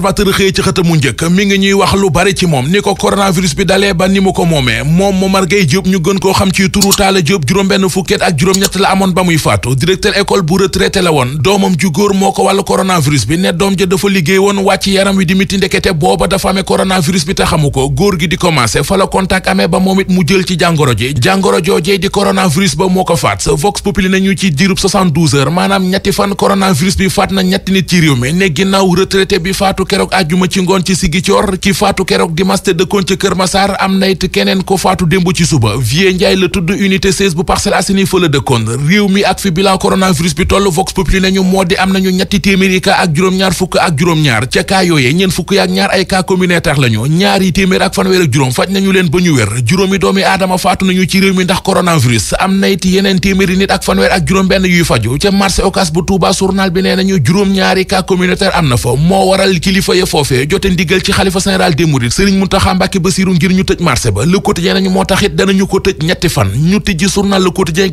l'observateur xëy ci xët mu njëkk mi ngi ñuy wax lu bari ci moom ni ko coronavirus bi dalee ba ni mu ko moomee moom Momar Gueye Diop ñu gën koo xam ci turu Talla Diop juróom-benn fukket ak juróom-ñett la amoon ba muy faatu directeur école bu retraité la woon doomam ju góor moo ko wàllu coronavirus bi ne doom ja dafa liggéey woon wàcc yaram wi di miti ndekete booba dafa amee coronavirus bi te xamu ko góor gi di commencé fa la contact moom it mu jël ci jàngoro ji jàngoro joojee di coronavirus ba moo ko faat Vox Populi nañu ci diirub 72 heures maanaam ñetti fan coronavirus bi faat na ñetti nit ci réew mi ne ginnaaw retraité bi faatu faatu keroog àjjuma ci ngoon ci Sigicoor ki faatu keroog dimanche dëkkoon ca Kër Massar am na it keneen ko faatu démb ci suba Vieux Ndiaye la tudd unité 16 bu Parcelles Assainies fa la dëkkoon réew mi ak fi bilan coronavirus bi toll Vox Populi nañu moo di am nañu ñetti téeméeri cas ak juróom-ñaar fukk ak juróom-ñaar ca cas yooyee ñeen fukk ak ñaar ay cas communautaire lañu ñaari téeméer ak fanweer ak juróom faj nañu leen ba ñu wér juróomi doomi aadama faatu nañu ci réew mi ndax coronavirus am na it yeneen téeméeri nit ak fanweer ak juróom benn yuy faju ca marché Ocass bu Touba journal bi nee nañu juróom-ñaari cas communautaire am na fa moo waral ki kilifa ya foofee jote ndigal ci xalifa général des mourides sëriñ Muntaxa Mbàkke Basiru ngir ñu tëj marché ba Le Quotidien nañu moo tax it ko tëj ñetti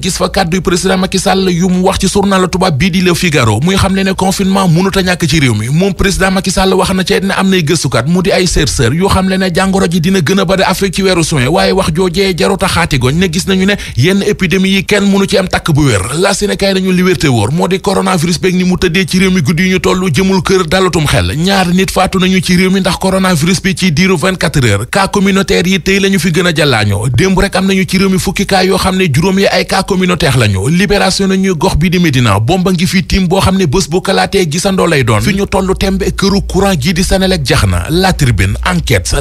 gis fa kàddu yu président Macky yu mu wax ci journal tubaab bii di Le Figaro muy xam ne confinement mënut ñàkk ci réew mi moom président Macky wax na ci ne am nay gëstukat mu di ay chercheur yoo xam le ne ji dina gën a bari Afrique ci weeru juin waaye wax joojee jarut xaatigoñ ne gis nañu ne yenn épidémie ñaari nit faatu nañu ci réew mi ndax coronavirus bi ci diiru 24 heures cas communautaire ñu fi gën a jàllaañoo démb rek am nañu ci réew mi fukki cas yoo xam ne juróom yi ay cas communautaire lañu libération bi di Médina bomba fi tiim boo xam ne bés bu kalaatee gisandoo lay doon fi ñu tollu tembe këru courant gii di Senelec jax na La Tribune Enquête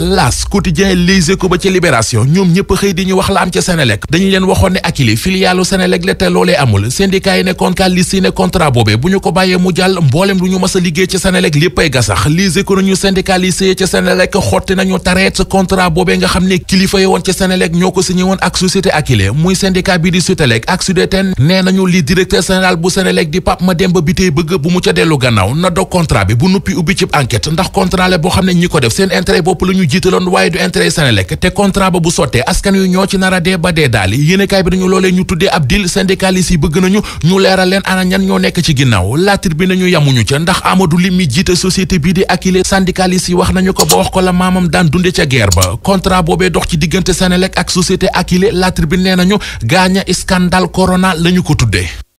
ba ci libération ñoom ñëpp xëy di ñu wax la am ca Senelec dañu leen waxoon ne Akilee filialu Senelec la te loolee amul syndicat yi nekkoon ka liste yi ne contrat boobee bu ñu ko bàyyee mu jàll mboolem lu ñu mës a liggéey ci Senelec lépp ay gasax Les Échos ñu syndicalistes yi ca Senelec xotti nañu tareet contrat boobee nga xam ne kilifa yi woon ca Senelec ñoo ko signé woon ak société Akilee muy syndicat bi di nee nañu li directeur général bu Senelec di Pape Mademba Bitèye bëgg bu mu ca dellu gannaaw na dog contrat bi bu nuppi ubbi cib enquête ndax contrat boo xam ne ñi ko def seen intérêt bopp la ñu jiitaloon waaye du intérêt Senelec te contrat ba bu sottee askan yu ñoo ci nar a dee ba dee daal yéenekaay yi bëgg bi di Akile syndicaliste yi wax nañu ko ba wax ko la maamam daan dunde ca guerre ba contrat boobee dox ci diggante Senelec ak société Akile la bi nee nañu gaaña scandale corona la ñu ko tuddee